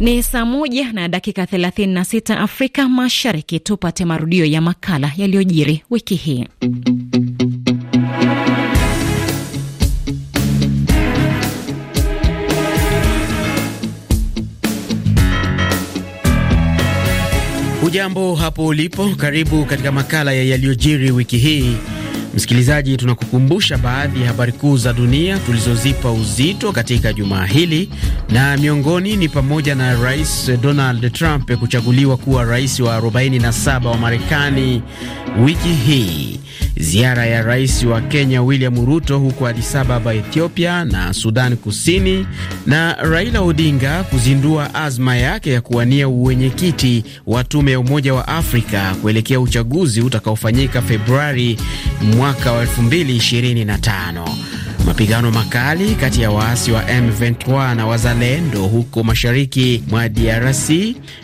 Ni saa moja na dakika 36 Afrika Mashariki. Tupate marudio ya makala yaliyojiri wiki hii. Ujambo hapo ulipo, karibu katika makala ya yaliyojiri wiki hii. Msikilizaji, tunakukumbusha baadhi ya habari kuu za dunia tulizozipa uzito katika jumaa hili, na miongoni ni pamoja na Rais Donald Trump kuchaguliwa kuwa rais wa 47 wa Marekani wiki hii. Ziara ya rais wa Kenya William Ruto huko Addis Ababa, Ethiopia na Sudan Kusini, na Raila Odinga kuzindua azma yake ya kuwania uwenyekiti wa tume ya Umoja wa Afrika kuelekea uchaguzi utakaofanyika Februari mwaka wa 2025. Mapigano makali kati ya waasi wa M23 na wazalendo huko mashariki mwa DRC.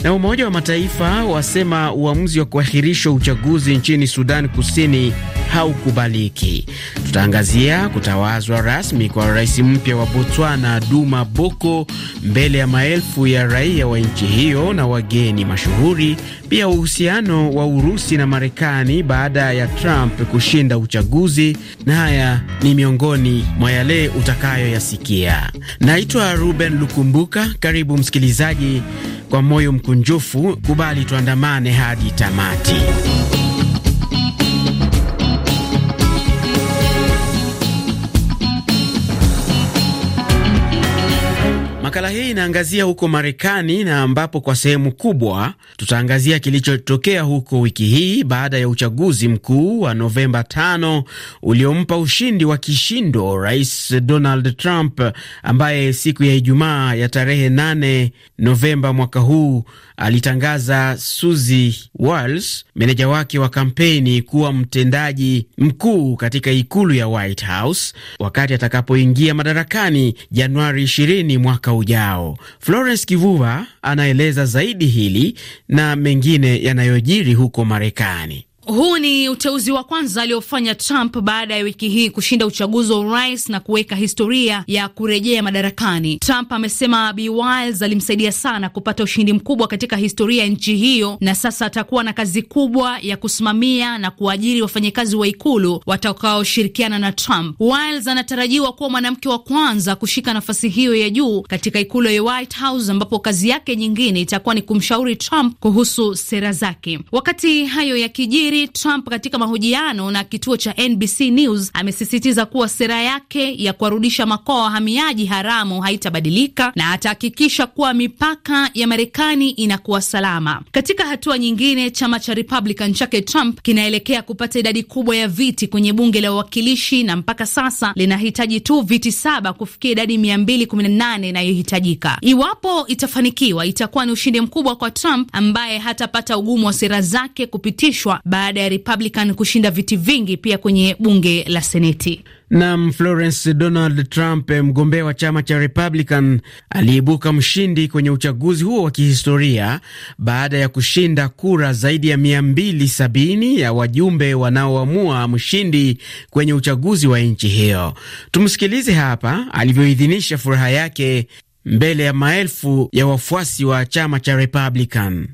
Na Umoja wa Mataifa wasema uamuzi wa kuahirisha uchaguzi nchini Sudan Kusini haukubaliki. Tutaangazia kutawazwa rasmi kwa rais mpya wa Botswana Duma Boko mbele ya maelfu ya raia wa nchi hiyo na wageni mashuhuri pia uhusiano wa Urusi na Marekani baada ya Trump kushinda uchaguzi, na haya ni miongoni mwa yale utakayoyasikia. Naitwa Ruben Lukumbuka. Karibu msikilizaji, kwa moyo mkunjufu kubali tuandamane hadi tamati. Makala hii inaangazia huko Marekani na ambapo kwa sehemu kubwa tutaangazia kilichotokea huko wiki hii baada ya uchaguzi mkuu wa Novemba 5 uliompa ushindi wa kishindo Rais Donald Trump ambaye siku ya Ijumaa ya tarehe 8 Novemba mwaka huu alitangaza Suzi Wiles, meneja wake wa kampeni, kuwa mtendaji mkuu katika ikulu ya White House wakati atakapoingia madarakani Januari 20 mwaka ujao. Florence Kivuva anaeleza zaidi hili na mengine yanayojiri huko Marekani. Huu ni uteuzi wa kwanza aliofanya Trump baada ya wiki hii kushinda uchaguzi wa urais na kuweka historia ya kurejea madarakani. Trump amesema Bi Wiles alimsaidia sana kupata ushindi mkubwa katika historia ya nchi hiyo, na sasa atakuwa na kazi kubwa ya kusimamia na kuajiri wafanyakazi wa ikulu watakaoshirikiana na Trump. Wiles anatarajiwa kuwa mwanamke wa kwanza kushika nafasi hiyo ya juu katika ikulu ya White House, ambapo kazi yake nyingine itakuwa ni kumshauri Trump kuhusu sera zake. Wakati hayo yakijiri Waziri Trump katika mahojiano na kituo cha NBC News amesisitiza kuwa sera yake ya kuwarudisha makoa wahamiaji haramu haitabadilika na atahakikisha kuwa mipaka ya Marekani inakuwa salama. Katika hatua nyingine, chama cha Republican chake Trump kinaelekea kupata idadi kubwa ya viti kwenye bunge la wawakilishi na mpaka sasa linahitaji tu viti saba kufikia idadi 218 inayohitajika. Iwapo itafanikiwa, itakuwa ni ushindi mkubwa kwa Trump ambaye hatapata ugumu wa sera zake kupitishwa baada ya Republican kushinda viti vingi pia kwenye bunge la Seneti. Nam Florence Donald Trump, eh, mgombea wa chama cha Republican, aliibuka mshindi kwenye uchaguzi huo wa kihistoria baada ya kushinda kura zaidi ya 270 ya wajumbe wanaoamua mshindi kwenye uchaguzi wa nchi hiyo. Tumsikilize hapa alivyoidhinisha furaha yake mbele ya maelfu ya wafuasi wa chama cha Republican.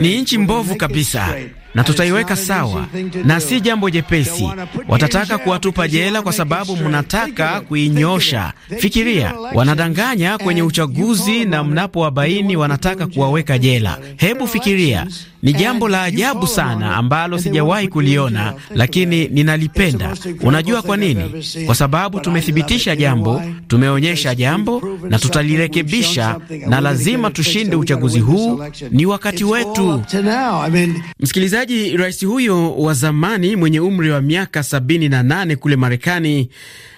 Ni nchi mbovu kabisa na tutaiweka sawa, na si jambo jepesi. Watataka kuwatupa jela kwa sababu mnataka kuinyosha. Fikiria, wanadanganya kwenye uchaguzi na mnapowabaini wanataka kuwaweka jela. Hebu fikiria, ni jambo la ajabu sana ambalo sijawahi kuliona, lakini ninalipenda. Unajua kwa nini? Kwa sababu tumethibitisha jambo, tumeonyesha jambo na tutalirekebisha, na lazima tushinde uchaguzi huu. Ni wakati wetu, msikilizaji. Msikilizaji, rais huyo wa zamani mwenye umri wa miaka 78 kule Marekani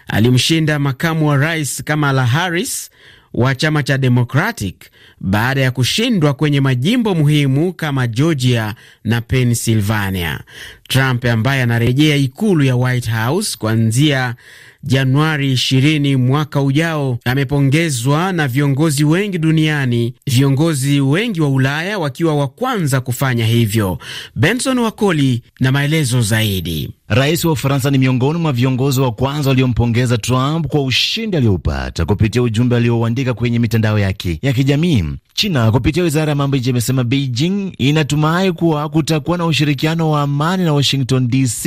alimshinda makamu wa rais Kamala Harris wa chama cha Democratic baada ya kushindwa kwenye majimbo muhimu kama Georgia na Pennsylvania. Trump ambaye anarejea ikulu ya White House kuanzia Januari 20 mwaka ujao amepongezwa na viongozi wengi duniani, viongozi wengi wa Ulaya wakiwa wa kwanza kufanya hivyo. Benson Wakoli na maelezo zaidi. Rais wa Ufaransa ni miongoni mwa viongozi wa kwanza waliompongeza Trump kwa ushindi aliyoupata kupitia ujumbe aliouandika aliandika kwenye mitandao yake ya kijamii. China kupitia wizara ya mambo ya nje imesema Beijing inatumai kuwa kutakuwa na ushirikiano wa amani na Washington DC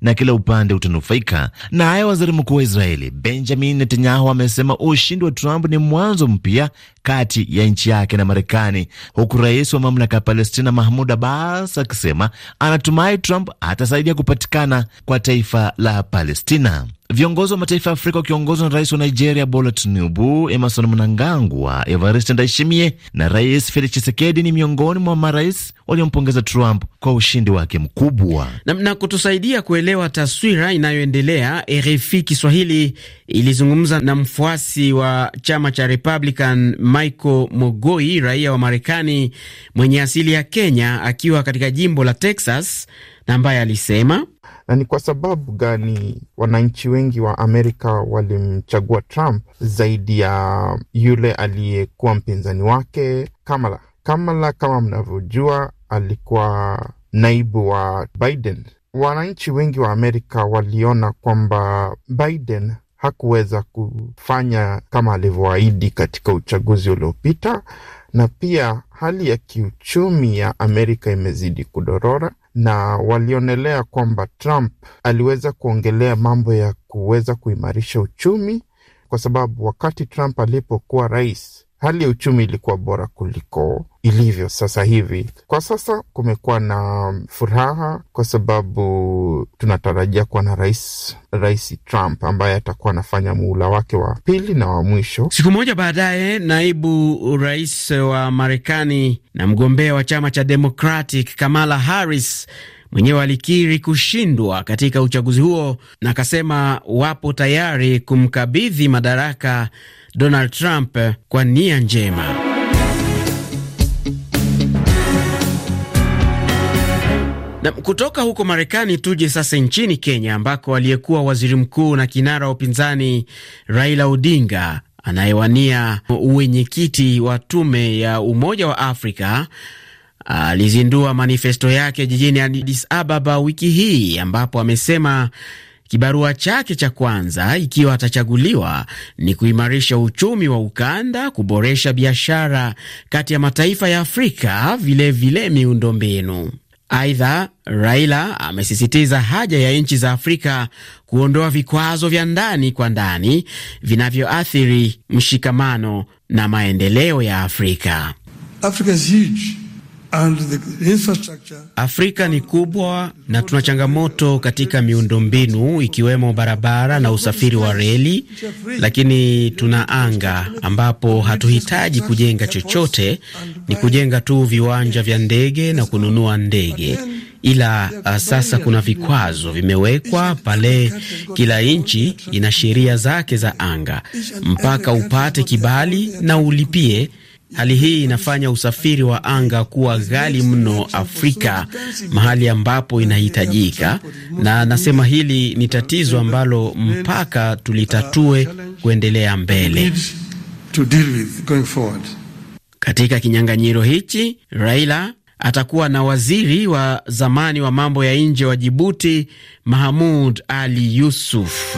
na kila upande utanufaika. Naye waziri mkuu wa Israeli Benjamin Netanyahu amesema ushindi wa Trump ni mwanzo mpya kati ya nchi yake na Marekani, huku rais wa mamlaka ya Palestina Mahmud Abbas akisema anatumai Trump atasaidia kupatikana kwa taifa la Palestina. Viongozi wa mataifa ya Afrika wakiongozwa na rais wa Nigeria Bola Tinubu, Emerson Mnangagwa, Evariste Ndayishimiye na rais Felix Tshisekedi ni miongoni mwa marais waliompongeza Trump kwa ushindi wake mkubwa. Na, na kutusaidia kuelewa taswira inayoendelea, RFI Kiswahili ilizungumza na mfuasi wa chama cha Republican Michael Mogoi, raia wa Marekani mwenye asili ya Kenya akiwa katika jimbo la Texas na ambaye alisema na ni kwa sababu gani wananchi wengi wa Amerika walimchagua Trump zaidi ya yule aliyekuwa mpinzani wake Kamala? Kamala kama mnavyojua, alikuwa naibu wa Biden. Wananchi wengi wa Amerika waliona kwamba Biden hakuweza kufanya kama alivyoahidi katika uchaguzi uliopita, na pia hali ya kiuchumi ya Amerika imezidi kudorora, na walionelea kwamba Trump aliweza kuongelea mambo ya kuweza kuimarisha uchumi, kwa sababu wakati Trump alipokuwa rais hali ya uchumi ilikuwa bora kuliko ilivyo sasa hivi. Kwa sasa kumekuwa na furaha kwa sababu tunatarajia kuwa na rais Rais Trump ambaye atakuwa anafanya muhula wake wa pili na wa mwisho. Siku moja baadaye, naibu rais wa Marekani na mgombea wa chama cha Democratic Kamala Harris mwenyewe alikiri kushindwa katika uchaguzi huo na akasema wapo tayari kumkabidhi madaraka Donald Trump kwa nia njema. Na kutoka huko Marekani tuje sasa nchini Kenya ambako aliyekuwa waziri mkuu na kinara wa upinzani Raila Odinga anayewania uwenyekiti wa tume ya Umoja wa Afrika alizindua manifesto yake jijini Addis Ababa wiki hii ambapo amesema kibarua chake cha kwanza ikiwa atachaguliwa ni kuimarisha uchumi wa ukanda, kuboresha biashara kati ya mataifa ya Afrika, vilevile miundombinu. Aidha, Raila amesisitiza haja ya nchi za Afrika kuondoa vikwazo vya ndani kwa ndani vinavyoathiri mshikamano na maendeleo ya Afrika. Africa is huge. Afrika ni kubwa na tuna changamoto katika miundombinu ikiwemo barabara na usafiri wa reli, lakini tuna anga ambapo hatuhitaji kujenga chochote, ni kujenga tu viwanja vya ndege na kununua ndege. Ila uh, sasa kuna vikwazo vimewekwa pale. Kila nchi ina sheria zake za anga, mpaka upate kibali na ulipie Hali hii inafanya usafiri wa anga kuwa ghali mno Afrika, mahali ambapo inahitajika, na anasema hili ni tatizo ambalo mpaka tulitatue kuendelea mbele. Katika kinyang'anyiro hichi Raila atakuwa na waziri wa zamani wa mambo ya nje wa Jibuti, Mahamud Ali Yusuf.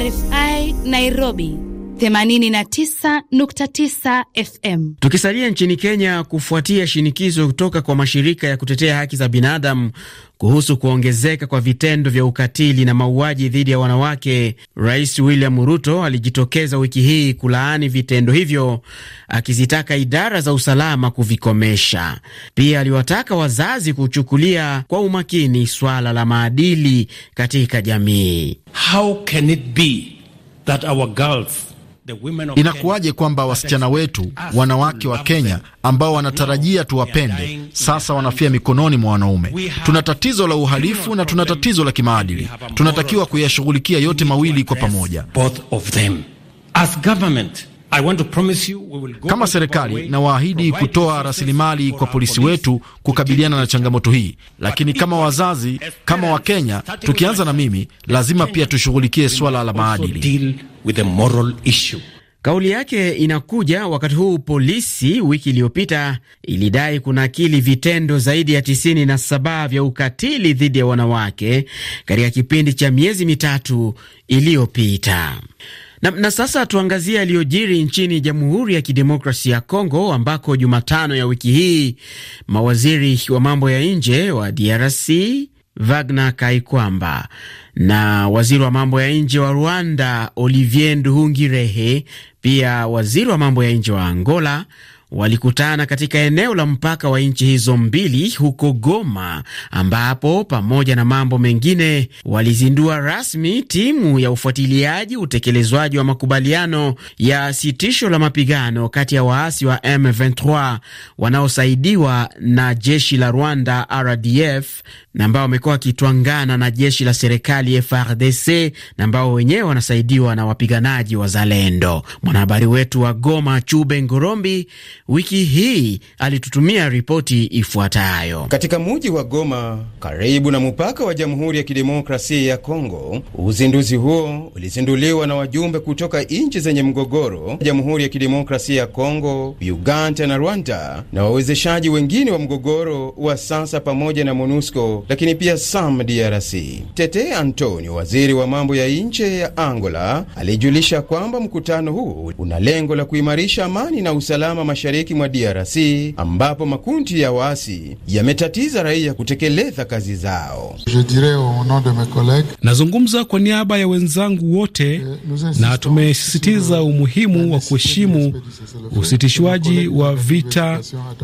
RFI Nairobi 89.9 FM. Tukisalia nchini Kenya, kufuatia shinikizo kutoka kwa mashirika ya kutetea haki za binadamu kuhusu kuongezeka kwa vitendo vya ukatili na mauaji dhidi ya wanawake, Rais William Ruto alijitokeza wiki hii kulaani vitendo hivyo, akizitaka idara za usalama kuvikomesha. Pia aliwataka wazazi kuchukulia kwa umakini swala la maadili katika jamii. How can it be that our girls Inakuwaje kwamba wasichana wetu, wanawake wa Kenya ambao wanatarajia tuwapende, sasa wanafia mikononi mwa wanaume? Tuna tatizo la uhalifu na tuna tatizo la kimaadili. Tunatakiwa kuyashughulikia yote mawili kwa pamoja. Kama serikali nawaahidi kutoa rasilimali kwa polisi wetu kukabiliana na changamoto hii, lakini kama wazazi, kama Wakenya, tukianza na mimi, lazima pia tushughulikie swala la maadili. Kauli yake inakuja wakati huu polisi wiki iliyopita ilidai kunakili vitendo zaidi ya tisini na saba vya ukatili dhidi ya wanawake katika kipindi cha miezi mitatu iliyopita. Na, na sasa tuangazie yaliyojiri nchini Jamhuri ya Kidemokrasia ya Kongo ambako Jumatano ya wiki hii mawaziri wa mambo ya nje wa DRC Wagner Kaikwamba na waziri wa mambo ya nje wa Rwanda Olivier Nduhungirehe, pia waziri wa mambo ya nje wa Angola walikutana katika eneo la mpaka wa nchi hizo mbili huko Goma, ambapo pamoja na mambo mengine walizindua rasmi timu ya ufuatiliaji utekelezwaji wa makubaliano ya sitisho la mapigano kati ya waasi wa M23 wanaosaidiwa na jeshi la Rwanda RDF na ambao wamekuwa wakitwangana na jeshi la serikali frdc na ambao wenyewe wanasaidiwa na wapiganaji wa Zalendo. Mwanahabari wetu wa Goma Chube Ngorombi wiki hii alitutumia ripoti ifuatayo. Katika muji wa Goma, karibu na mpaka wa Jamhuri ya Kidemokrasia ya Kongo, uzinduzi huo ulizinduliwa na wajumbe kutoka nchi zenye mgogoro, Jamhuri ya Kidemokrasia ya Kongo, Uganda na Rwanda, na wawezeshaji wengine wa mgogoro wa sasa pamoja na MONUSCO, lakini pia SAM DRC. Tete Antonio, waziri wa mambo ya nje ya Angola, alijulisha kwamba mkutano huu una lengo la kuimarisha amani na usalama mashariki mashariki mwa DRC ambapo makundi ya waasi yametatiza raia kutekeleza kazi zao. Nazungumza kwa niaba ya wenzangu wote, eh, na tumesisitiza umuhimu wa kuheshimu usitishwaji wa vita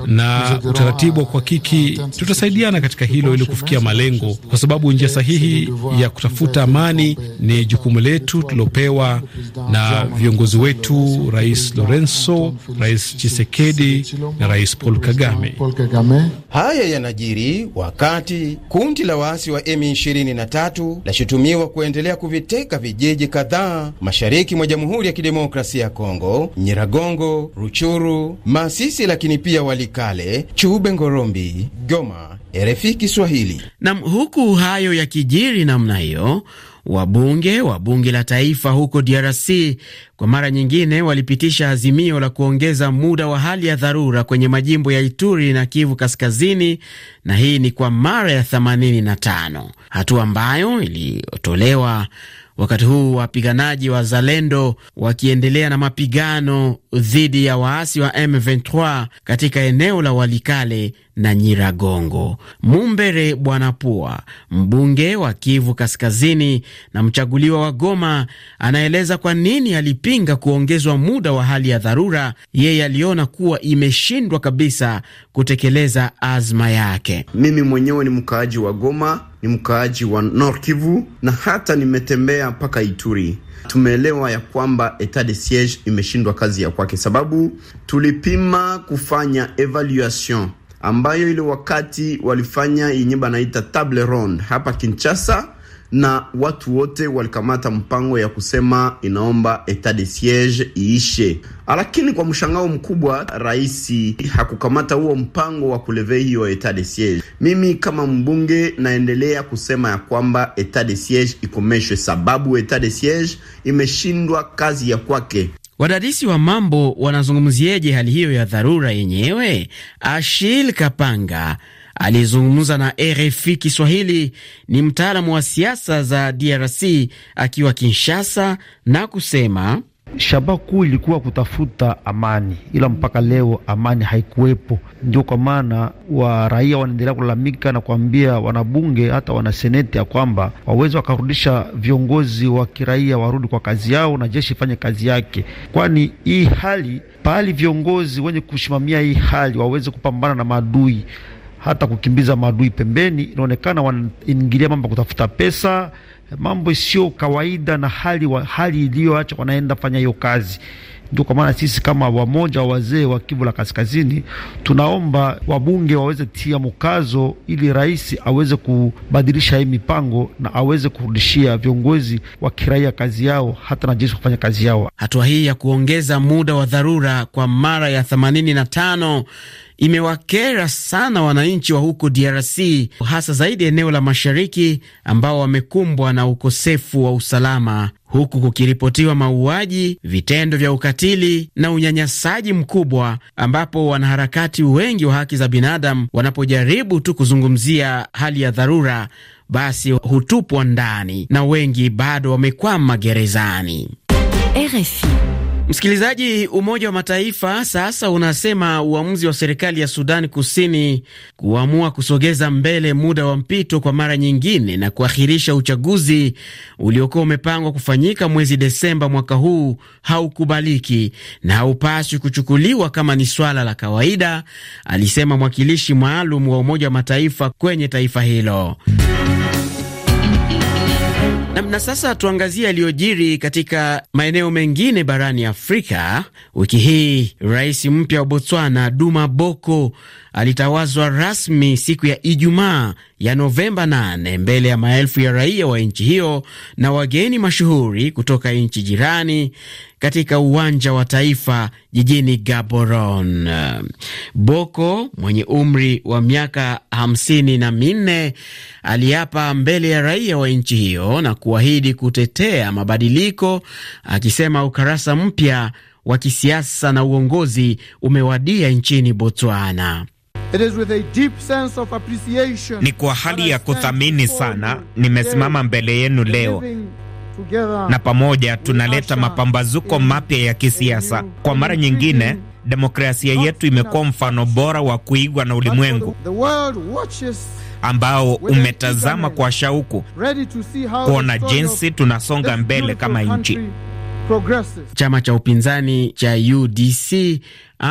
na utaratibu wa kuhakiki. Tutasaidiana katika hilo ili kufikia malengo, kwa sababu njia sahihi ya kutafuta amani ni jukumu letu tulopewa na viongozi wetu, Rais Lorenzo, Rais Tshisekedi Chisekedi na Rais Paul Kagame. Haya yanajiri wakati kundi la waasi wa M23 lashutumiwa kuendelea kuviteka vijiji kadhaa mashariki mwa Jamhuri ya Kidemokrasia ya Kongo: Nyiragongo, Ruchuru, Masisi, lakini pia Walikale, Chube, Ngorombi, Goma. RFI Kiswahili. Nam, huku hayo yakijiri namna hiyo Wabunge wa bunge la taifa huko DRC kwa mara nyingine walipitisha azimio la kuongeza muda wa hali ya dharura kwenye majimbo ya Ituri na Kivu Kaskazini, na hii ni kwa mara ya 85, hatua ambayo iliyotolewa wakati huu wapiganaji wa Zalendo wakiendelea na mapigano dhidi ya waasi wa M23 katika eneo la Walikale na Nyiragongo. Mumbere Bwanapua, mbunge wa Kivu Kaskazini na mchaguliwa wa Goma, anaeleza kwa nini alipinga kuongezwa muda wa hali ya dharura. Yeye aliona kuwa imeshindwa kabisa kutekeleza azma yake. Mimi mwenyewe ni mkaaji wa Goma ni mkaaji wa norkivu na hata nimetembea mpaka Ituri. Tumeelewa ya kwamba etat de siege imeshindwa kazi ya kwake, sababu tulipima kufanya evaluation ambayo ile wakati walifanya yenye banaita table ronde hapa kinchasa na watu wote walikamata mpango ya kusema inaomba etat de siege iishe, lakini kwa mshangao mkubwa rais hakukamata huo mpango wa kuleve hiyo etat de siege. Mimi kama mbunge naendelea kusema ya kwamba etat de siege ikomeshwe, sababu etat de siege imeshindwa kazi ya kwake. Wadadisi wa mambo wanazungumzieje hali hiyo ya dharura yenyewe? Ashil Kapanga Alizungumza na RFI Kiswahili, ni mtaalamu wa siasa za DRC akiwa Kinshasa na kusema shaba kuu ilikuwa kutafuta amani, ila mpaka leo amani haikuwepo. Ndio kwa maana wa raia wanaendelea kulalamika na kuambia wanabunge hata wanaseneti ya kwamba waweze wakarudisha viongozi wa kiraia warudi kwa kazi yao na jeshi ifanye kazi yake, kwani hii hali pahali viongozi wenye kusimamia hii hali waweze kupambana na maadui hata kukimbiza maadui pembeni, inaonekana wanaingilia mambo ya kutafuta pesa, mambo isiyo kawaida na hali, wa, hali iliyoacha wanaenda fanya hiyo kazi. Ndio kwa maana sisi kama wamoja wazee wa Kivu la Kaskazini tunaomba wabunge waweze tia mkazo ili rais aweze kubadilisha hii mipango na aweze kurudishia viongozi wa kiraia kazi yao hata na jinsi kufanya kazi yao. Hatua hii ya kuongeza muda wa dharura kwa mara ya 85 imewakera sana wananchi wa huko DRC, hasa zaidi eneo la mashariki ambao wamekumbwa na ukosefu wa usalama, huku kukiripotiwa mauaji, vitendo vya ukatili na unyanyasaji mkubwa, ambapo wanaharakati wengi wa haki za binadamu wanapojaribu tu kuzungumzia hali ya dharura basi hutupwa ndani na wengi bado wamekwama gerezani. RFI. Msikilizaji, Umoja wa Mataifa sasa unasema uamuzi wa serikali ya Sudani Kusini kuamua kusogeza mbele muda wa mpito kwa mara nyingine na kuahirisha uchaguzi uliokuwa umepangwa kufanyika mwezi Desemba mwaka huu haukubaliki na haupaswi kuchukuliwa kama ni swala la kawaida, alisema mwakilishi maalum wa Umoja wa Mataifa kwenye taifa hilo. Na, na sasa tuangazie yaliyojiri katika maeneo mengine barani Afrika. Wiki hii rais mpya wa Botswana Duma Boko alitawazwa rasmi siku ya Ijumaa ya Novemba 8 mbele ya maelfu ya raia wa nchi hiyo na wageni mashuhuri kutoka nchi jirani katika uwanja wa taifa jijini Gaborone. Boko mwenye umri wa miaka hamsini na minne aliapa mbele ya raia wa nchi hiyo na kuahidi kutetea mabadiliko, akisema ukarasa mpya wa kisiasa na uongozi umewadia nchini Botswana. It is with a deep sense of appreciation. Ni kwa hali ya kuthamini sana nimesimama mbele yenu leo na pamoja tunaleta mapambazuko mapya ya kisiasa. Kwa mara nyingine, demokrasia yetu imekuwa mfano bora wa kuigwa na ulimwengu ambao umetazama kwa shauku kuona jinsi tunasonga mbele kama nchi. Chama cha upinzani cha UDC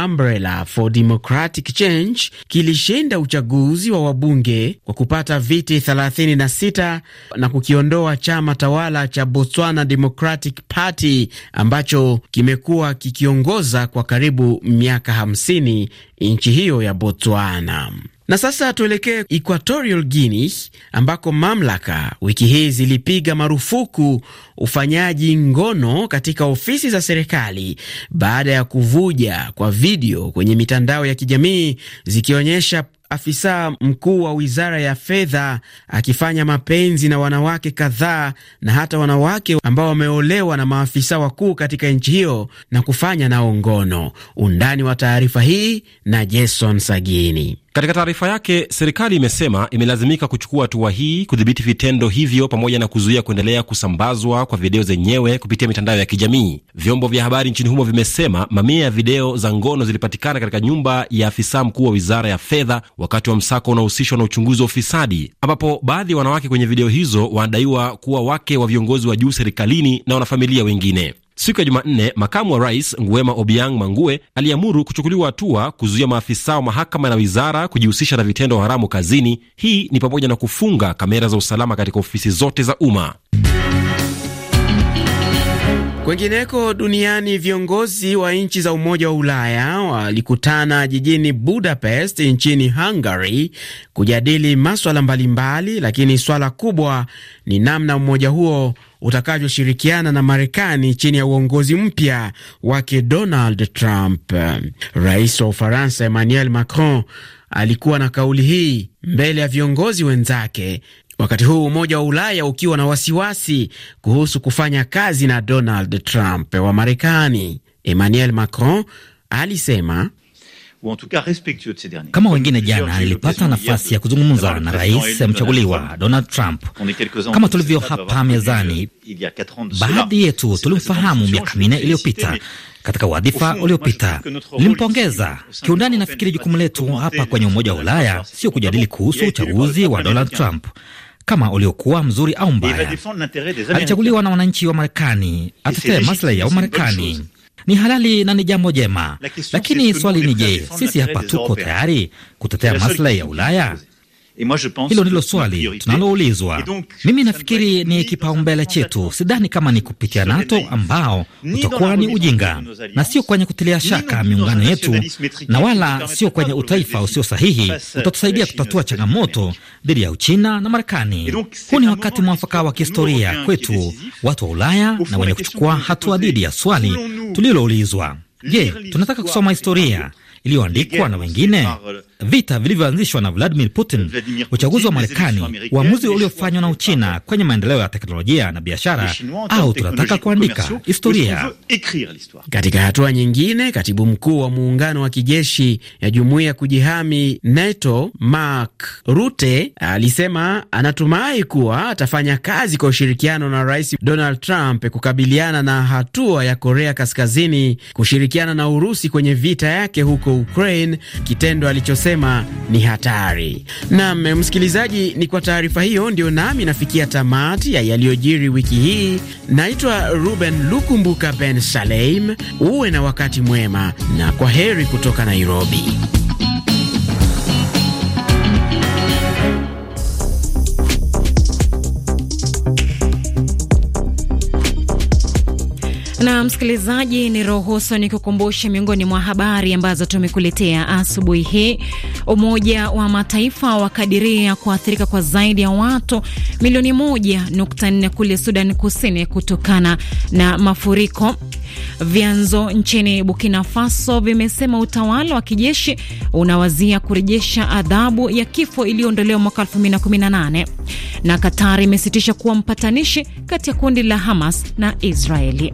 Umbrella for Democratic Change kilishinda uchaguzi wa wabunge kwa kupata viti 36 na kukiondoa chama tawala cha Botswana Democratic Party ambacho kimekuwa kikiongoza kwa karibu miaka 50 nchi hiyo ya Botswana. Na sasa tuelekee Equatorial Guinea ambako mamlaka wiki hii zilipiga marufuku ufanyaji ngono katika ofisi za serikali baada ya kuvuja kwa video kwenye mitandao ya kijamii zikionyesha afisa mkuu wa wizara ya fedha akifanya mapenzi na wanawake kadhaa na hata wanawake ambao wameolewa na maafisa wakuu katika nchi hiyo na kufanya nao ngono. Undani wa taarifa hii na Jason Sagini. Katika taarifa yake, serikali imesema imelazimika kuchukua hatua hii kudhibiti vitendo hivyo pamoja na kuzuia kuendelea kusambazwa kwa video zenyewe kupitia mitandao ya kijamii. Vyombo vya habari nchini humo vimesema mamia ya video za ngono zilipatikana katika nyumba ya afisa mkuu wa wizara ya fedha wakati wa msako unaohusishwa na uchunguzi wa ufisadi, ambapo baadhi ya wanawake kwenye video hizo wanadaiwa kuwa wake wa viongozi wa juu serikalini na wanafamilia wengine. Siku ya Jumanne, makamu wa rais Nguema Obiang Mangue aliamuru kuchukuliwa hatua kuzuia maafisa wa mahakama na wizara kujihusisha na vitendo haramu kazini. Hii ni pamoja na kufunga kamera za usalama katika ofisi zote za umma. Kwengineko duniani viongozi wa nchi za Umoja wa Ulaya walikutana jijini Budapest nchini Hungary kujadili maswala mbalimbali, lakini swala kubwa ni namna umoja huo utakavyoshirikiana na Marekani chini ya uongozi mpya wake Donald Trump. Rais wa Ufaransa Emmanuel Macron alikuwa na kauli hii mbele ya viongozi wenzake wakati huu Umoja wa Ulaya ukiwa na wasiwasi kuhusu kufanya kazi na Donald Trump wa Marekani. Emmanuel Macron alisema kama wengine jana nilipata nafasi ya kuzungumza na rais mchaguliwa Donald Trump. Kama tulivyo hapa mezani, baadhi yetu tulimfahamu miaka minne iliyopita katika wadhifa uliopita. Nilimpongeza kiundani. Nafikiri jukumu letu hapa kwenye Umoja wa Ulaya sio kujadili kuhusu uchaguzi wa Donald Trump kama uliokuwa mzuri au mbaya. Alichaguliwa na wananchi wa Marekani, atetee maslahi ya Wamarekani ni halali na ni jambo jema, lakini swali ni je, sisi hapa tuko tayari kutetea maslahi ya Ulaya? Hilo ndilo swali tunaloulizwa. Mimi nafikiri ni kipaumbele chetu, sidhani kama ni kupitia NATO ambao utakuwa ni ujinga, na sio kwenye kutilia shaka miungano yetu, na wala sio kwenye utaifa usio sahihi utatusaidia kutatua changamoto dhidi ya Uchina na Marekani. Huu ni wakati mwafaka wa kihistoria kwetu, watu wa Ulaya na wenye kuchukua hatua dhidi ya swali tuliloulizwa. Je, tunataka kusoma historia iliyoandikwa na wengine, vita vilivyoanzishwa na Vladimir Putin, uchaguzi wa Marekani, uamuzi uliofanywa na Uchina kwenye maendeleo ya teknolojia na biashara, au tunataka kuandika historia. Katika hatua nyingine, katibu mkuu wa muungano wa kijeshi ya jumuiya ya kujihami NATO Mark Rutte alisema anatumai kuwa atafanya kazi kwa ushirikiano na Rais Donald Trump kukabiliana na hatua ya Korea Kaskazini kushirikiana na Urusi kwenye vita yake huko huko Ukraine, kitendo alichosema ni hatari. nam msikilizaji, ni kwa taarifa hiyo ndio nami nafikia tamati ya yaliyojiri wiki hii. Naitwa Ruben Lukumbuka Ben Saleim. Uwe na wakati mwema na kwa heri kutoka Nairobi. Na msikilizaji, ni ruhusu ni kukumbushe miongoni mwa habari ambazo tumekuletea asubuhi hii. Umoja wa Mataifa wakadiria kuathirika kwa zaidi ya watu milioni 1.4 kule Sudan Kusini kutokana na mafuriko. Vyanzo nchini Burkina Faso vimesema utawala wa kijeshi unawazia kurejesha adhabu ya kifo iliyoondolewa mwaka 2018 na Katari imesitisha kuwa mpatanishi kati ya kundi la Hamas na Israeli.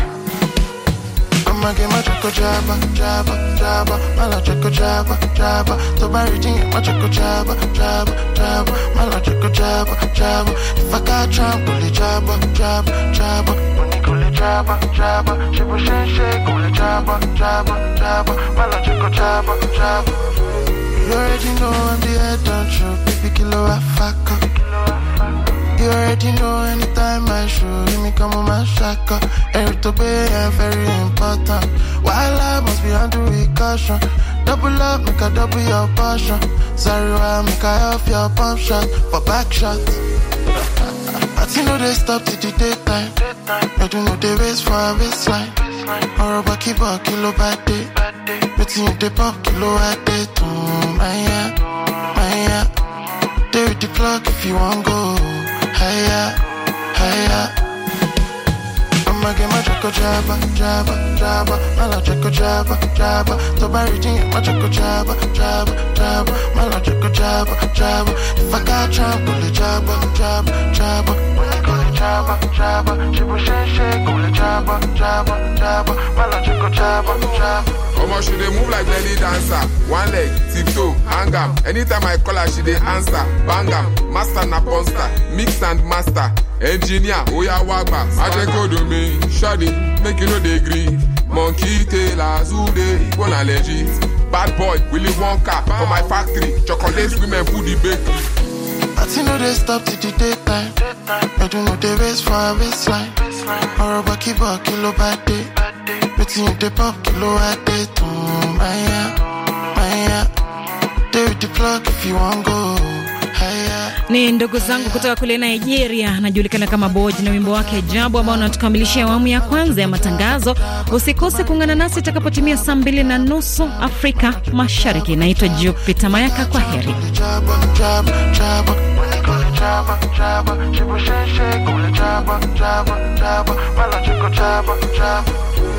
máa gé má jẹ́kọ̀ jábá jábá jábá mala lọ jẹ́kọ̀ jábá jábá tó bá rí jiyàn má jẹ́kọ̀ jábá jábá jábá má lọ jẹ́kọ̀ jábá jábá ìfàkà tram kò lè jábá jábá jábá òní kò lè jábá jábá ṣe bó ṣe ń ṣe kò lè jábá jábá jábá má You already know I'm the head, don't you? Baby, kí ló wá you already know anytime I show, you me come on my shaka. Every to be very important. While I must be under with caution. Double up, make a double your passion. Sorry, why make I off your pump shot for back shot. Party no they stop till the daytime. I do know they waste for a waistline. Or a keep a kilo by day. Betting you they pop kilo a day. To my yeah, my yeah. They with the clock if you want go higher, higher. I'ma get my choco jabba, jabba, jabba. My la choco jabba, jabba. To buy my choco jabba, jabba, jabba. My la choco jabba, jabba. If I got trouble, jabba, jabba, jabba. Chaba, chaba, czaba Szybko shake, kule czaba, czaba, czaba Pala chico chaba. czaba Omo she dey move like belly dancer One leg, tiptoe, hang am Anytime I call her she dey answer Bang am, master na ponster Mix and master Engineer, oya wagba Ajekodo mi, shawty Make you no dey grieve Monkey tail zude, wanna legit Bad boy, Willy Wonka For my factory, chocolate women food the bakery Nothing no they stop till the daytime. I don't know they race for a waistline. I rub a kilo bar, kilo by day. Waiting you they pop, kilo a day. To my yeah, my yeah. with the plug if you want go. Ni ndugu zangu kutoka kule Nigeria, anajulikana kama Boji na wimbo wake Jabu ambao unatukamilishia awamu ya kwanza ya matangazo. Usikose kuungana nasi itakapotimia saa mbili na nusu Afrika Mashariki. Naitwa Jupita Mayaka, kwa heri. chaba, chaba, she was shake, chaba, chaba, chaba, my logical chaba, chaba.